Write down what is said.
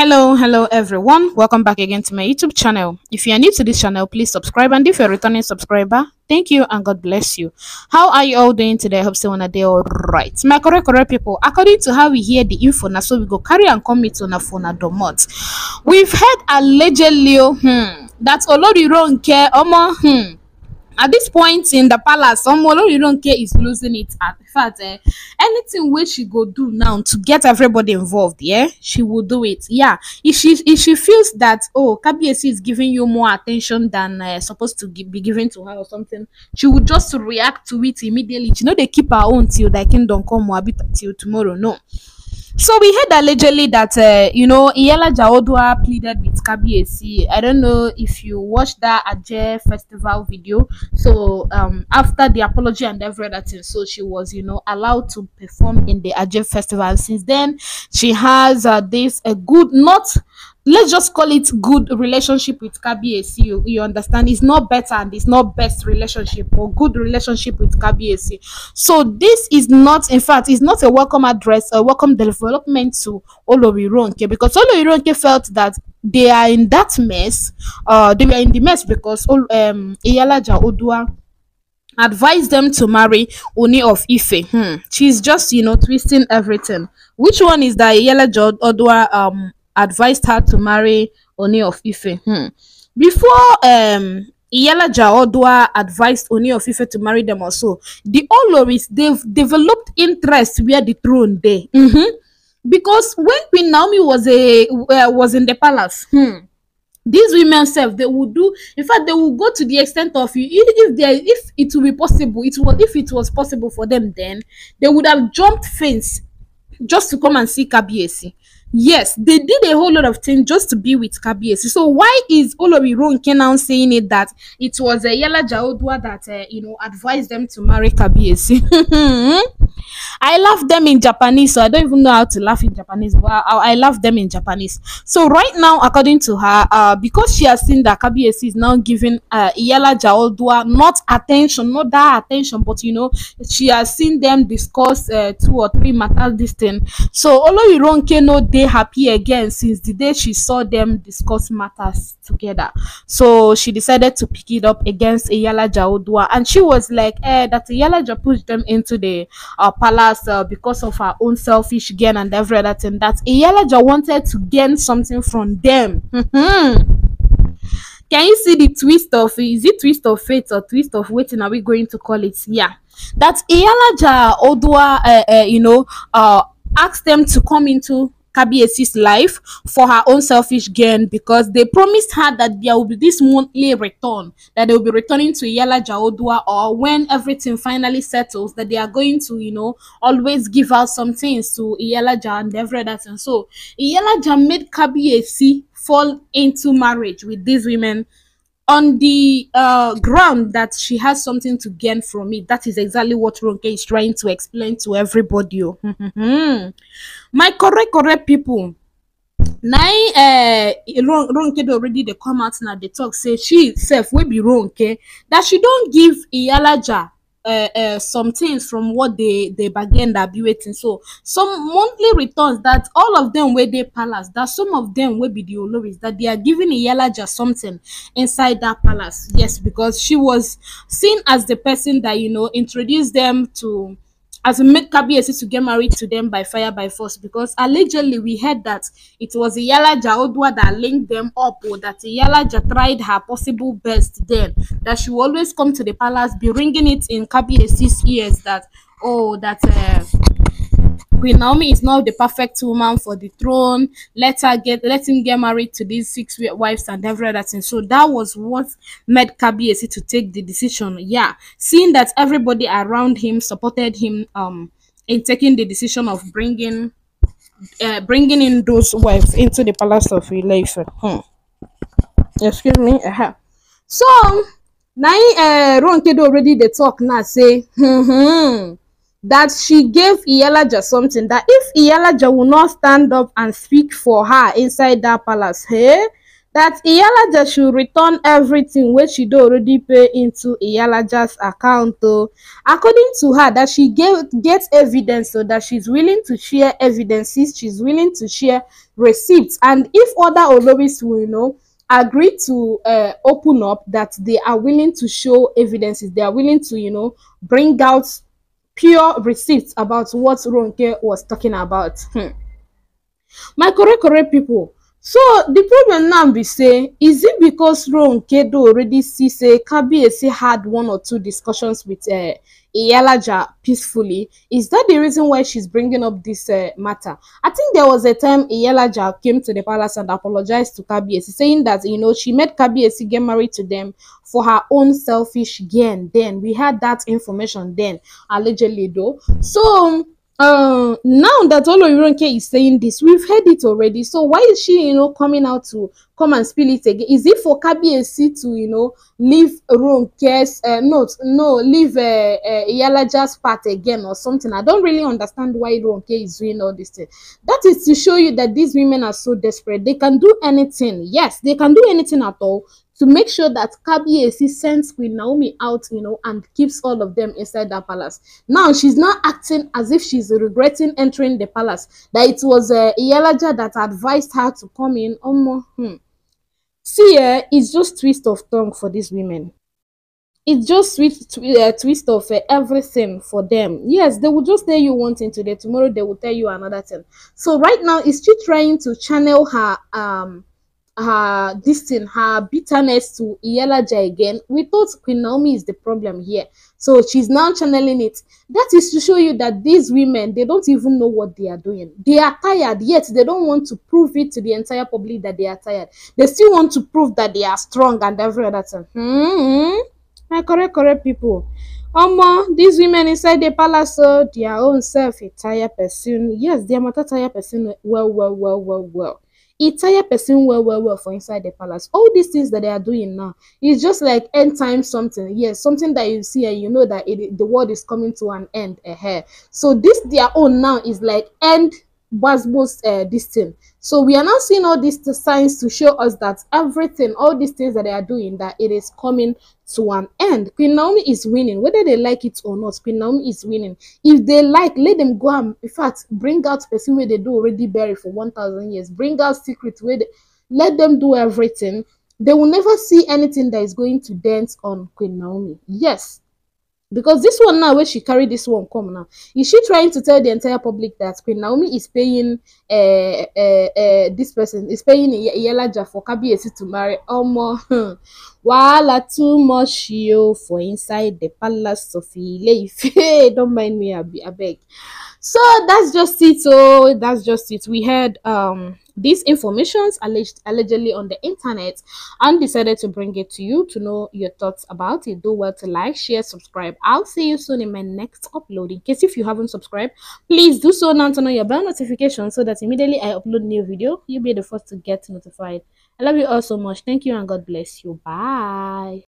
hello hello everyone welcome back again to my youtube channel if you are new to this channel please subscribe and if you're a returning subscriber thank you and god bless you how are you all doing today i hope so on a day all right my correct correct people according to how we hear the info now so we go carry and come it on a phone at we've heard allegedly oh, hmm, that olori ronke omo hmm at this point in the palace omo olorironke is losing it at fact eh, anything wey she go do now to get everybody involved yeah she will do it yeah if she if she feels that oh kabiyesi is giving you more attention than uh, supposed to be given to her or something she will just react to it immediately she no dey keep her own till thy kingdom come or till tomorrow no So we heard allegedly that uh, you know Iyala Jaodua pleaded with KBC. I don't know if you watched that Aje festival video. So um, after the apology and everything, so she was you know allowed to perform in the Aje festival. Since then, she has uh, this a good not let's just call it good relationship with KBAC. You, you understand? It's not better and it's not best relationship or good relationship with KBAC. So this is not, in fact, it's not a welcome address, a welcome development to Olori Ronke because Olori Ronke felt that they are in that mess. Uh, they were in the mess because um, Iyalaja Odua advised them to marry Oni of Ife. Hmm. She's just, you know, twisting everything. Which one is that Iyalaja Odua um, advised her to marry Oni of Ife. Hmm. Before um, Jao Odua advised Oni of Ife to marry them also, the Oloris, they've developed interest where the throne they. Mm -hmm. Because when Queen Naomi was, a, uh, was in the palace, hmm, these women self they will do in fact they will go to the extent of you if they if it will be possible it was if it was possible for them then they would have jumped fence just to come and see kabiesi Yes, they did a whole lot of things just to be with Kabiesi. So why is Olori Ronke now saying it that it was a uh, Yala Jaodwa that, uh, you know, advised them to marry Kabiesi? I love them in Japanese, so I don't even know how to laugh in Japanese, but I, I love them in Japanese. So right now, according to her, uh, because she has seen that Kabiesi is now giving uh, Yala Jaodwa not attention, not that attention, but, you know, she has seen them discuss uh, two or three matters, this thing. So Olori Ronke know dey happy again since the day she saw them discuss matters together. So she decided to pick it up against Iyalaja Odua, and she was like, eh, that Iyalaja pushed them into the uh, palace uh, because of her own selfish gain and every other thing. That Iyalaja wanted to gain something from them. Mm-hmm. Can you see the twist of is it twist of fate or twist of waiting? Are we going to call it? Yeah, that Iyalaja Odua, uh, eh, eh, you know, uh asked them to come into Kabiesi's life for her own selfish gain because they promised her that there will be this monthly return, that they will be returning to Yala Jaodua or when everything finally settles, that they are going to, you know, always give out some things to Ja and everything. And so Ja made Kabiesi fall into marriage with these women on the uh, ground that she has something to gain from it. That is exactly what Ronke is trying to explain to everybody. Oh. My correct, correct people. Now, uh, eh, Ronke already they come out now. They talk say she self will be Ronke that she don't give Iyalaja uh, uh, some things from what they they bargained that be waiting so some monthly returns that all of them where they palace that some of them will be the oloris that they are giving just something inside that palace yes because she was seen as the person that you know introduced them to as we make Kabiesi to get married to them by fire by force because allegedly we heard that it was Yala Odua that linked them up or that Iyalaja tried her possible best then that she will always come to the palace be ringing it in Kabiesi's ears that oh that uh, Queen Naomi is not the perfect woman for the throne. Let her get let him get married to these six wives and every other thing. So that was what made Kabiesi to take the decision. Yeah. Seeing that everybody around him supported him um in taking the decision of bringing uh, bringing in those wives into the palace of relation. Hmm. Excuse me. Uh-huh. So now uh, Ronkedo already the talk now say Hmm hmm that she gave Iyalaja something that if Iyalaja will not stand up and speak for her inside that palace, hey, that Iyalaja should return everything which she already pay into Iyalaja's account. Though. According to her, that she gave, gets evidence so that she's willing to share evidences, she's willing to share receipts. And if other Olobis will you know, agree to uh, open up that they are willing to show evidences, they are willing to, you know, bring out pure receipts about what Ronke was talking about. Hmm. My Korekore people, so the problem now be say is it becos ronkedo already see say kabiyesi had one or two discussions with uh, Iyalaja peacefully. Is that the reason why she's bringing up this uh, matter? I think there was a time Iyalaja came to the palace and apologized to Kabiesi, saying that, you know, she made Kabiesi get married to them for her own selfish gain. Then we had that information then, allegedly though. So, um, um now that all Oloronke is saying this we've heard it already so why is she you know coming out to come and spill it again is it for Kabiyesi to you know leave Ronke's uh, note no leave uh, uh, Iyalaja's part again or something I don't really understand why Ronke is doing all this thing that is to show you that these women are so desperate they can do anything yes they can do anything at all to make sure that Kabiesi sends Queen Naomi out, you know, and keeps all of them inside that palace. Now, she's not acting as if she's regretting entering the palace, that it was uh, Iyalaja that advised her to come in. Um, hmm. See, uh, it's just twist of tongue for these women. It's just twist, uh, twist of uh, everything for them. Yes, they will just tell you one thing today. Tomorrow, they will tell you another thing. So right now, is she trying to channel her... um her this thing, her bitterness to Iyalaja again. We thought Queen Naomi is the problem here. So she's now channeling it. That is to show you that these women, they don't even know what they are doing. They are tired, yet they don't want to prove it to the entire public that they are tired. They still want to prove that they are strong and every other thing. Hmm? correct, correct people. Omo, these women inside the palace, so oh, their own self, a tired person. Yes, they are a tired person. Well, well, well, well, well. e tire person well well well for inside the palace all these things that they are doing now is just like end time something yes something that you see and you know that it, the world is coming to an end ahead eh, eh. so this their own now is like end Basbo's uh, eh, this thing. So we are now seeing all these signs to show us that everything, all these things that they are doing, that it is coming to an end. Queen Naomi is winning, whether they like it or not. Queen Naomi is winning. If they like, let them go and, in fact, bring out person where they do already bury for 1,000 years. Bring out secret where they, let them do everything. They will never see anything that is going to dance on Queen Naomi. Yes, because this one now where she carried this one come now is she trying to tell the entire public that queen naomi is paying uh, uh, uh this person is paying yelaja for kabiyesi to marry omo um, hmm, wahala too much yo for inside the palace of ile don't mind me I beg. so that's just it oh that's just it we had um these informations alleged allegedly on the internet and decided to bring it to you to know your thoughts about it do well to like share subscribe i'll see you soon in my next upload in case if you haven't subscribed please do so now turn on your bell notification so that immediately i upload new video you'll be the first to get notified i love you all so much thank you and god bless you bye